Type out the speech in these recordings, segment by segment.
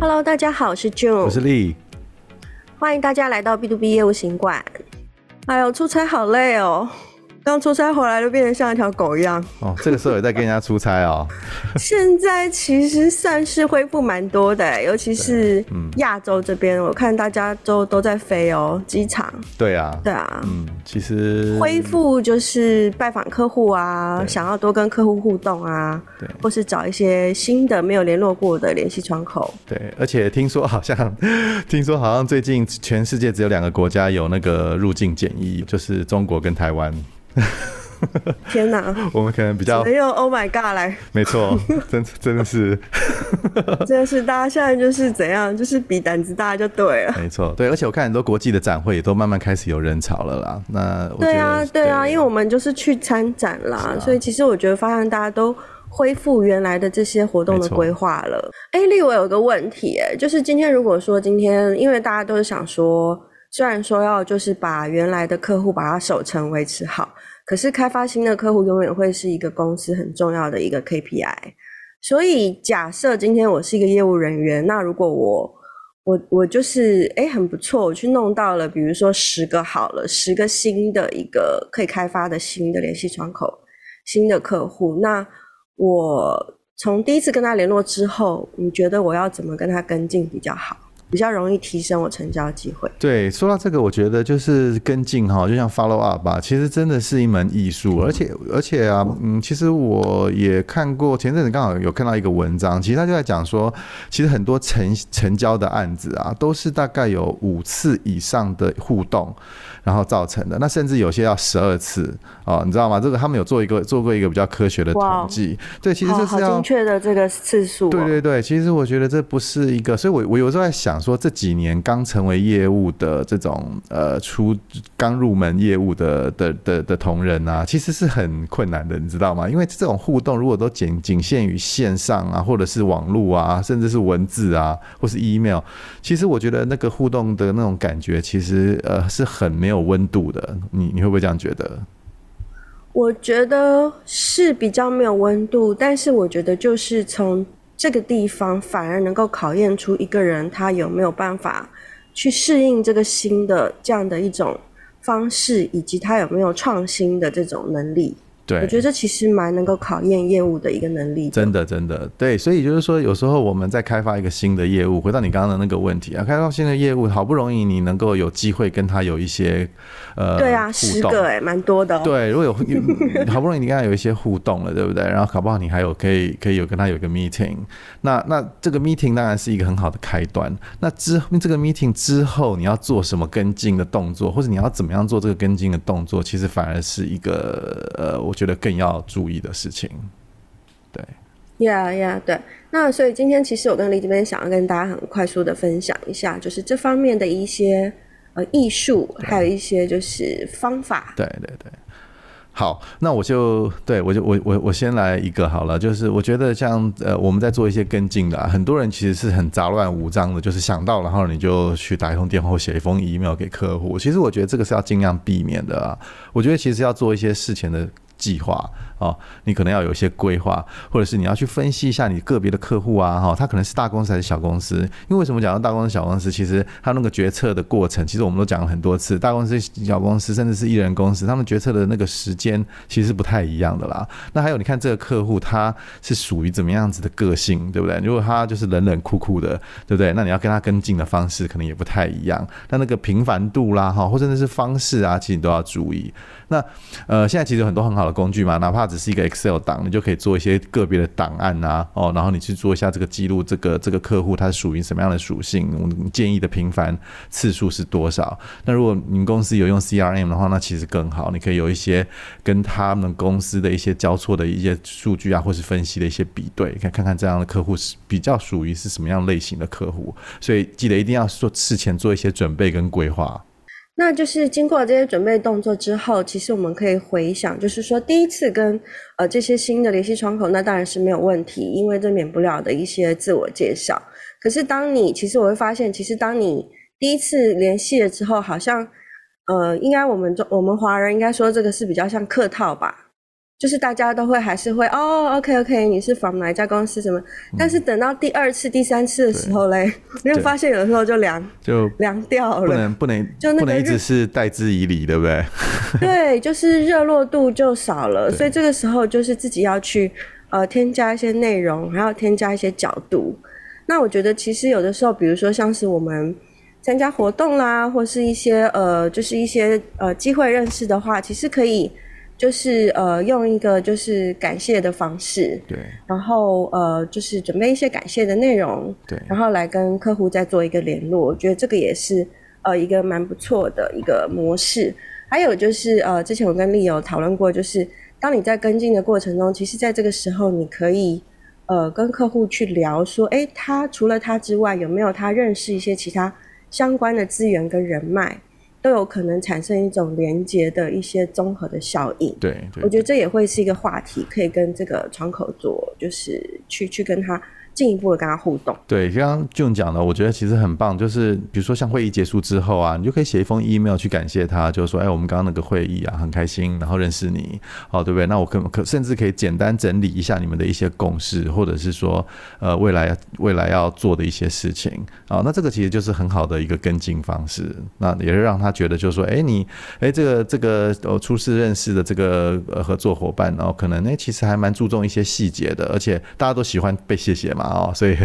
Hello，大家好，我是 June，我是 Lee，歡迎大家來到 B to B 業務行館。哎呦，出差好累哦。剛出差回來就變得像一條狗一樣哦。這個時候也在跟人家出差哦 。現在其實算是恢復蠻多的，尤其是亞洲這邊、嗯，我看大家都都在飛哦，機場。對啊。對啊。嗯，其實恢復就是拜訪客戶啊，想要多跟客戶互動啊，對。或是找一些新的沒有聯絡過的聯繫窗口。對，而且聽說好像，聽說好像最近全世界只有兩個國家有那個入境檢疫，就是中國跟台灣。 天哪！我們可能比較沒有。Oh my God！來，沒錯， 真真的是，真的是， 是大家現在就是怎樣，就是比膽子大就對了。沒錯，對，而且我看很多國際的展會也都慢慢開始有人潮了啦。那對啊，對啊，對，因為我們就是去參展啦、啊，所以其實我覺得發現大家都恢復原來的這些活動的規劃了。哎，麗、欸，我有個問題、欸，哎，就是今天如果說今天，因為大家都是想說，雖然說要就是把原來的客戶把它守成維持好。可是開發新的客戶永遠會是一個公司很重要的一個 KPI，所以假設今天我是一個業務人員，那如果我我我就是誒、欸，很不錯，我去弄到了，比如說十個好了，十個新的一個可以開發的新的聯繫窗口，新的客戶，那我從第一次跟他聯絡之後，你覺得我要怎麼跟他跟進比較好？比較容易提升我成交機會。對，說到這個，我覺得就是跟進哈，就像 follow up 吧，其實真的是一門藝術。而且，而且啊，嗯，其實我也看過前陣子剛好有看到一個文章，其實他就在講說，其實很多成成交的案子啊，都是大概有五次以上的互動，然後造成的。那甚至有些要十二次啊、哦，你知道嗎？這個他們有做一個做過一個比較科學的統計，對，其實這是要、哦、好精確的這個次數、哦。對對對，其實我覺得這不是一個，所以我我有時候在想。說這幾年剛成為業務的這種呃，初剛入門業務的的的的的同仁啊，其實是很困難的，你知道嗎？因為這種互動如果都僅僅限於線上啊，或者是網絡啊，甚至是文字啊，或是 email，其實我覺得那個互動的那種感覺，其實呃是很沒有溫度的。你你會不會這樣覺得？我覺得是比較沒有溫度，但是我覺得就是從。這個地方反而能夠考驗出一個人，他有沒有辦法去適應這個新的這樣的一種方式，以及他有沒有創新的這種能力。對，我覺得這其實蠻能夠考驗業務的一個能力的。真的，真的，對，所以就是說，有時候我們在開發一個新的業務，回到你剛剛的那個問題啊，開發新的業務，好不容易你能夠有機會跟他有一些，呃，對啊，十個哎、欸，蠻多的喔。對，如果有，有好不容易你剛剛有一些互動了， 對不對？然後搞不好你還有可以可以有跟他有一個 meeting，那那這個 meeting 當然是一個很好的開端。那之後這個 meeting 之後你要做什麼跟進的動作，或者你要怎麼樣做這個跟進的動作，其實反而是一個呃我。我覺得更要注意的事情，對，呀呀。對，那所以今天其實我跟李主編想要跟大家很快速的分享一下，就是這方面的一些呃藝術，還有一些就是方法，對對對。好，那我就對我就我我我先來一個好了，就是我覺得像呃我們在做一些跟進的啊，很多人其實是很雜亂無章的，就是想到然後你就去打一通電話，寫一封 email 給客戶，其實我覺得這個是要盡量避免的啊。我覺得其實要做一些事前的。計劃。哦，你可能要有一些規劃，或者是你要去分析一下你個別的客戶啊，哈、哦，他可能是大公司還是小公司？因為為什麼講到大公司、小公司，其實他那個決策的過程，其實我們都講了很多次，大公司、小公司，甚至是藝人公司，他們決策的那個時間其實是不太一樣的啦。那還有，你看這個客戶他是屬於怎麼樣子的個性，對不對？如果他就是冷冷酷酷的，對不對？那你要跟他跟進的方式可能也不太一樣。那那個頻繁度啦，哈，或者那是方式啊，其實你都要注意。那呃，現在其實有很多很好的工具嘛，哪怕。只是一個 Excel 檔，你就可以做一些個別的檔案啊，哦，然後你去做一下這個記錄，這個這個客戶他是屬於什麼樣的屬性，我們建議的頻繁次數是多少？那如果你公司有用 CRM 的話，那其實更好，你可以有一些跟他們公司的一些交錯的一些數據啊，或是分析的一些比對，看看看這樣的客戶是比較屬於是什麼樣類型的客戶，所以記得一定要做事前做一些準備跟規劃。那就是經過這些準備動作之後，其實我們可以回想，就是說第一次跟呃這些新的聯繫窗口，那當然是沒有問題，因為這免不了的一些自我介紹。可是當你其實我會發現，其實當你第一次聯繫了之後，好像呃應該我們中我們華人應該說這個是比較像客套吧。就是大家都會還是會哦，OK OK，你是訪哪一家公司什麼、嗯？但是等到第二次、第三次的時候嘞，你會發現有的時候就涼，就涼掉了。不能不能，就那個不能一直是待之以禮，對不對？對，就是熱絡度就少了，所以這個時候就是自己要去呃添加一些內容，還要添加一些角度。那我覺得其實有的時候，比如說像是我們參加活動啦，或是一些呃，就是一些呃機會認識的話，其實可以。就是呃，用一個就是感謝的方式，對，然後呃，就是準備一些感謝的內容，對，然後來跟客戶再做一個聯絡，我覺得這個也是呃一個蠻不錯的一個模式。還有就是呃，之前我跟麗友討論過，就是當你在跟進的過程中，其實在這個時候，你可以呃跟客戶去聊說，哎，他除了他之外，有沒有他認識一些其他相關的資源跟人脈？都有可能產生一種連接的一些綜合的效應。對，對，我覺得這也會是一個話題，可以跟這個窗口做就是去去跟他，進一步的跟他互動，對，剛剛俊講的，我覺得其實很棒。就是比如說像會議結束之後啊，你就可以寫一封 email 去感謝他，就是說，哎、欸，我們剛剛那個會議啊，很開心，然後認識你，哦，對不對？那我可可甚至可以簡單整理一下你們的一些共識，或者是說，呃，未來未來要做的一些事情哦，那這個其實就是很好的一個跟進方式。那也是讓他覺得就是說，哎、欸，你，哎、欸，這個這個呃初次認識的這個呃合作夥伴，然後、哦、可能呢、欸，其實還蠻注重一些細節的，而且大家都喜歡被謝謝嘛。啊、哦，所以，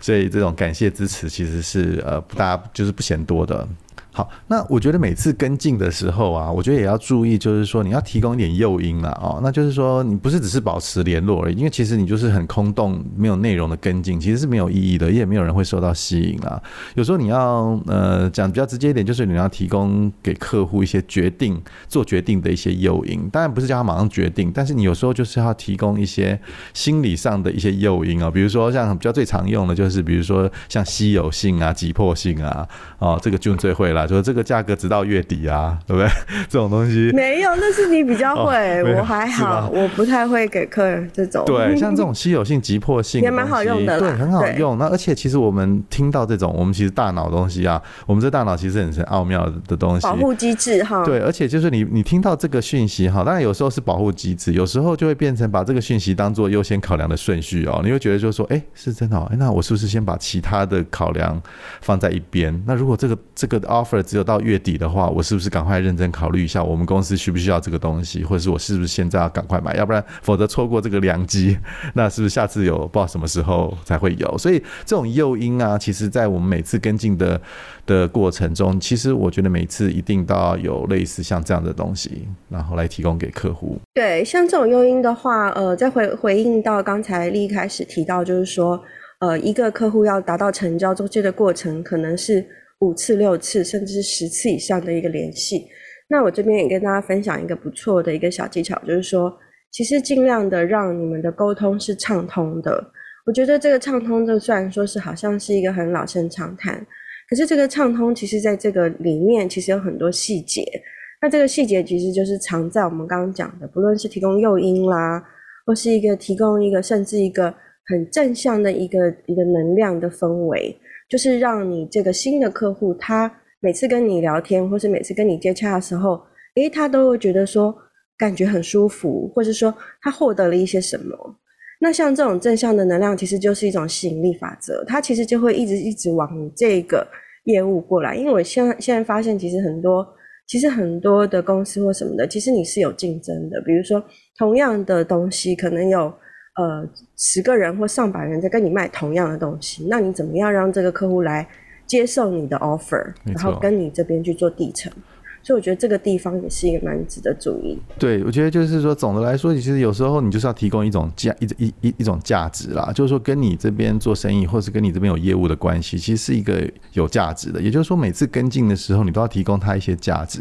所以這種感謝支持其實是呃不大，就是不嫌多的。好，那我覺得每次跟進的時候啊，我覺得也要注意，就是說你要提供一點誘因了、啊、哦。那就是說你不是只是保持聯絡而已，因為其實你就是很空洞，沒有內容的跟進其實是沒有意義的，也沒有人會受到吸引啊。有時候你要呃講比較直接一點，就是你要提供給客戶一些決定做決定的一些誘因。當然不是叫他馬上決定，但是你有時候就是要提供一些心理上的一些誘因啊、哦。比如說像比較最常用的，就是比如說像稀有性啊、急迫性啊，哦，這個就最會。對啦，就是這個價格直到月底啊，對不對？這種東西沒有，那是你比較會，哦、我還好，我不太會給客人這種。對，像這種稀有性、急迫性也蠻好用的，對，很好用。那而且其實我們聽到這種，我們其實大腦東西啊，我們這大腦其實很是很奧妙的東西。保護機制哈，對，而且就是你你聽到這個訊息哈，當然有時候是保護機制，有時候就會變成把這個訊息當做優先考量的?順序哦、喔。你會覺得就是說，哎、欸，是真的、喔，哎、欸，那我是不是先把其他的考量放在一邊？那如果這個這個的奧。offer 只有到月底的話，我是不是趕快認真考慮一下我們公司需不需要這個東西，或者是我是不是現在要趕快買，要不然否則錯過這個良機，那是不是下次有不知道什麼時候才會有？所以這種誘因啊，其實在我們每次跟進的的過程中，其實我覺得每次一定都要有類似像這樣的東西，然後來提供給客戶。對，像這種誘因的話，呃，在回回應到剛才一開始提到，就是說，呃，一個客戶要達到成交中這個過程，可能是。五次、六次，甚至是十次以上的一個聯繫。那我這邊也跟大家分享一個不錯的一個小技巧，就是說，其實盡量的讓你們的溝通是暢通的。我覺得這個暢通，就算說是好像是一個很老生常談，可是這個暢通，其實在這個裡面其實有很多細節。那這個細節其實就是藏在我們剛剛講的，不論是提供誘因啦，或是一個提供一個甚至一個很正向的一個一個能量的氛圍。就是讓你這個新的客戶，他每次跟你聊天，或是每次跟你接洽的時候，誒，他都會覺得說，感覺很舒服，或是說他獲得了一些什麼。那像這種正向的能量，其實就是一種吸引力法則，它其實就會一直一直往你這個業務過來。因為我現現在發現，其實很多，其實很多的公司或什麼的，其實你是有競爭的。比如說同樣的東西，可能有。呃，十個人或上百人在跟你賣同樣的東西，那你怎麼樣讓這個客戶來接受你的 offer，然後跟你這邊去做底層？所以我覺得這個地方也是一個蠻值得注意的。對，我覺得就是說，總的來說，其實有時候你就是要提供一種價一一一,一種價值啦，就是說跟你這邊做生意，或者是跟你這邊有業務的關係，其實是一個有價值的。也就是說，每次跟進的時候，你都要提供他一些價值。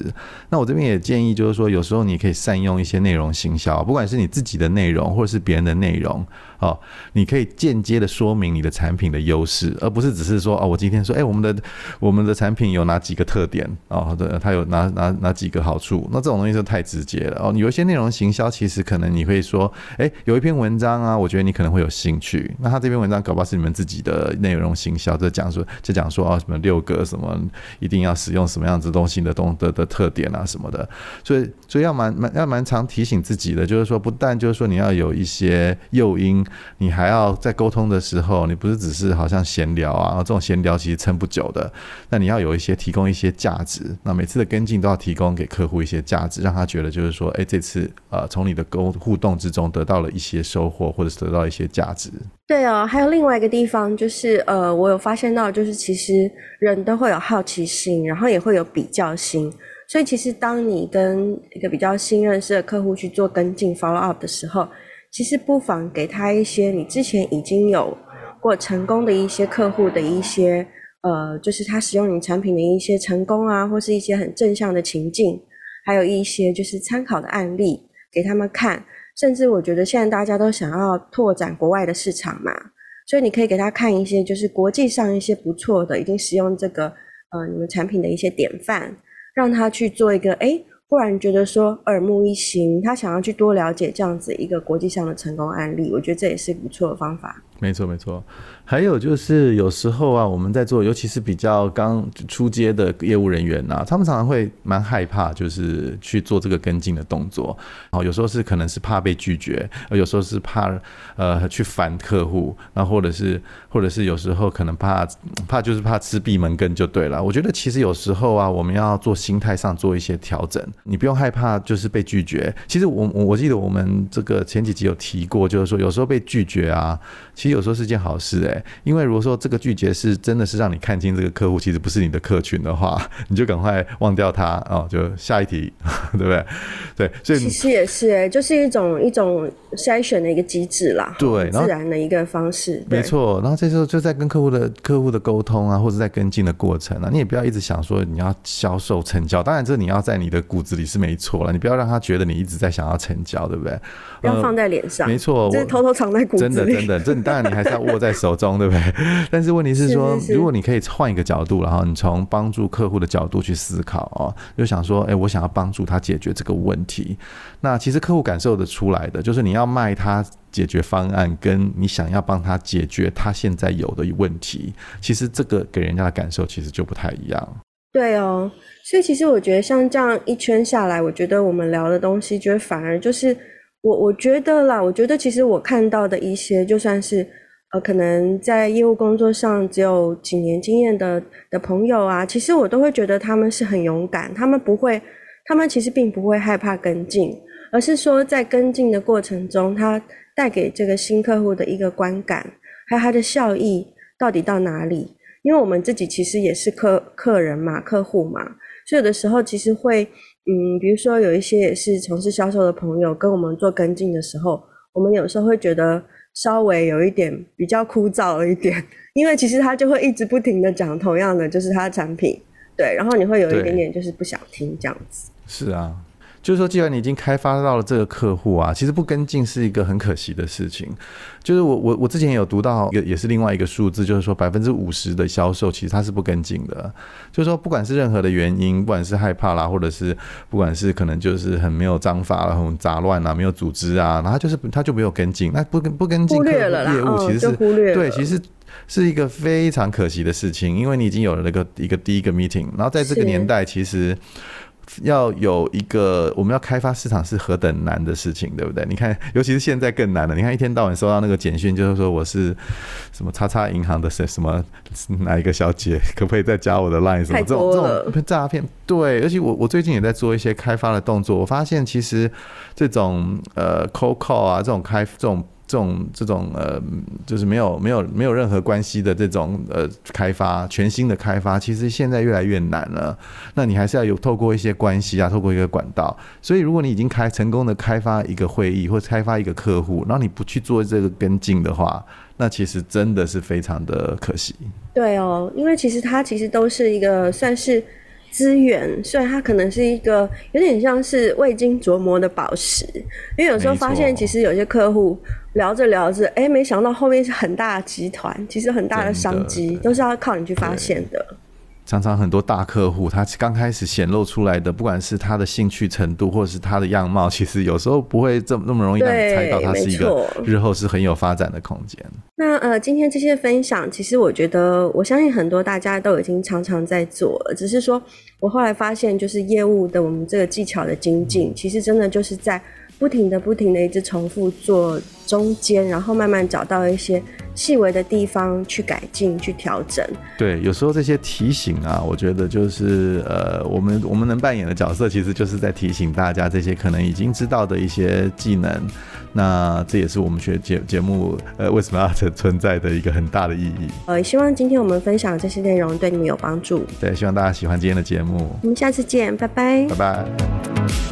那我這邊也建議，就是說有時候你可以善用一些內容行銷，不管是你自己的內容，或者是別人的內容。哦，你可以間接的說明你的產品的優勢，而不是只是說哦，我今天說，哎、欸，我們的我們的產品有哪幾個特點哦，對，它有哪哪哪幾個好處？那這種東西就太直接了哦。你有一些內容行銷，其實可能你會說，哎、欸，有一篇文章啊，我覺得你可能會有興趣。那他這篇文章搞不好是你們自己的內容行銷，就講說就講說啊、哦、什麼六個什麼一定要使用什麼樣子東西的東的的，的特點啊什麼的。所以所以要蠻蠻要蠻常提醒自己的，就是說不但就是說你要有一些誘因。你還要在溝通的時候，你不是只是好像閒聊啊，這種閒聊其實撐不久的。那你要有一些提供一些價值，那每次的跟進都要提供給客戶一些價值，讓他覺得就是說，哎、欸，這次呃，從你的溝互動之中得到了一些收穫，或者是得到一些價值。對哦，還有另外一個地方就是，呃，我有發現到，就是其實人都會有好奇心，然後也會有比較心，所以其實當你跟一個比較新認識的客戶去做跟進 follow up 的時候。其實不妨給他一些你之前已經有過成功的一些客戶的一些，呃，就是他使用你產品的一些成功啊，或是一些很正向的情境，還有一些就是參考的案例給他們看。甚至我覺得現在大家都想要拓展國外的市場嘛，所以你可以給他看一些就是國際上一些不錯的，已經使用這個，呃，你們產品的一些典範，讓他去做一個，誒。忽然覺得說耳目一新，他想要去多了解這樣子一個國際上的成功案例，我覺得這也是不錯的方法。沒錯，沒錯。還有就是有時候啊，我們在做，尤其是比較剛出街的業務人員啊，他們常常會蠻害怕，就是去做這個跟進的動作。哦，有時候是可能是怕被拒絕，有時候是怕呃去煩客戶，啊，或者是或者是有時候可能怕怕就是怕吃閉門羹就對了。我覺得其實有時候啊，我們要做心態上做一些調整，你不用害怕就是被拒絕。其實我我記得我們這個前幾集有提過，就是說有時候被拒絕啊，其實有時候是件好事哎、欸。因為如果說這個拒絕是真的是讓你看清這個客戶其實不是你的客群的話，你就趕快忘掉他哦，就下一題，對不對？對，所以其實也是哎、欸，就是一種一種篩選的一個機制啦，對，然自然的一個方式，沒錯。然後這時候就在跟客戶的客戶的溝通啊，或者在跟進的過程啊，你也不要一直想說你要銷售成交，當然這你要在你的骨子裡是沒錯了，你不要讓他覺得你一直在想要成交，對不對？不要放在臉上，嗯、沒錯，這、就是偷偷藏在骨子裡，真的真的，這當然你還是要握在手中。 對不對？但是問題是說，是是是如果你可以換一個角度，然後你從幫助客戶的角度去思考哦，就想說，哎、欸，我想要幫助他解決這個問題。那其實客戶感受得出來的，就是你要賣他解決方案，跟你想要幫他解決他現在有的問題，其實這個給人家的感受其實就不太一樣。對哦，所以其實我覺得，像這樣一圈下來，我覺得我們聊的東西，覺得反而就是我，我覺得啦，我覺得其實我看到的一些，就算是。呃，可能在業務工作上只有幾年經驗的的朋友啊，其實我都會覺得他們是很勇敢，他們不會，他們其實並不會害怕跟進，而是說在跟進的過程中，他帶給這個新客戶的一個觀感，還有他的效益到底到哪裡？因為我們自己其實也是客客人嘛，客戶嘛，所以有的時候其實會，嗯，比如說有一些也是從事銷售的朋友跟我們做跟進的時候，我們有時候會覺得。稍微有一點比較枯燥了一點，因為其實他就會一直不停的講同樣的，就是他的產品，對，然後你會有一點點就是不想聽這樣子。是啊。就是說，既然你已經開發到了這個客戶啊，其實不跟進是一個很可惜的事情。就是我我我之前有讀到，也也是另外一個數字，就是說百分之五十的銷售其實他是不跟進的。就是說，不管是任何的原因，不管是害怕啦，或者是不管是可能就是很沒有章法、很雜亂啊，沒有組織啊，然後就是他就沒有跟進。那不跟不跟進業務其實是忽略對，其實是一個非常可惜的事情，因為你已經有了那個一個第一個 meeting，然後在這個年代其實。要有一個，我們要開发市場是何等難的事情，對不對？你看，尤其是現在更難了。你看一天到晚收到那個簡訊，就是說我是什麼叉叉銀行的什什麼哪一個小姐，可不可以再加我的 line 什麼？這種這種詐騙，對。而且我我最近也在做一些開發的動作，我發現其實這種呃 cold call 啊，這種開這種。這種這種呃，就是沒有沒有沒有任何關係的這種呃開發，全新的開發，其實現在越來越難了。那你還是要有透過一些關係啊，透過一個管道。所以如果你已經開成功的開發一個會議或開發一個客戶，然後你不去做這個跟進的話，那其實真的是非常的可惜。對哦，因為其實它其實都是一個算是，資源，所以它可能是一個有點像是未經琢磨的寶石，因為有時候發現其實有些客戶聊着聊着，哎、欸，沒想到後面是很大的集團，其實很大的商機都是要靠你去發現的。常常很多大客戶，他剛開始顯露出來的，不管是他的興趣程度，或者是他的樣貌，其實有時候不會這麼那麼容易讓你猜到他是一個日後是很有發展的空間。那呃，今天這些分享，其實我覺得，我相信很多大家都已經常常在做了，只是說我後來發現，就是業務的我們這個技巧的精進、嗯，其實真的就是在。不停的、不停的，一直重複做中間，然後慢慢找到一些細微的地方去改進、去調整。對，有時候這些提醒啊，我覺得就是呃，我們我們能扮演的角色，其實就是在提醒大家這些可能已經知道的一些技能。那這也是我們學節節目呃，為什麼要存存在的一個很大的意義。呃，希望今天我們分享的這些內容對你們有幫助。對，希望大家喜歡今天的節目。我們下次見，拜拜。拜拜。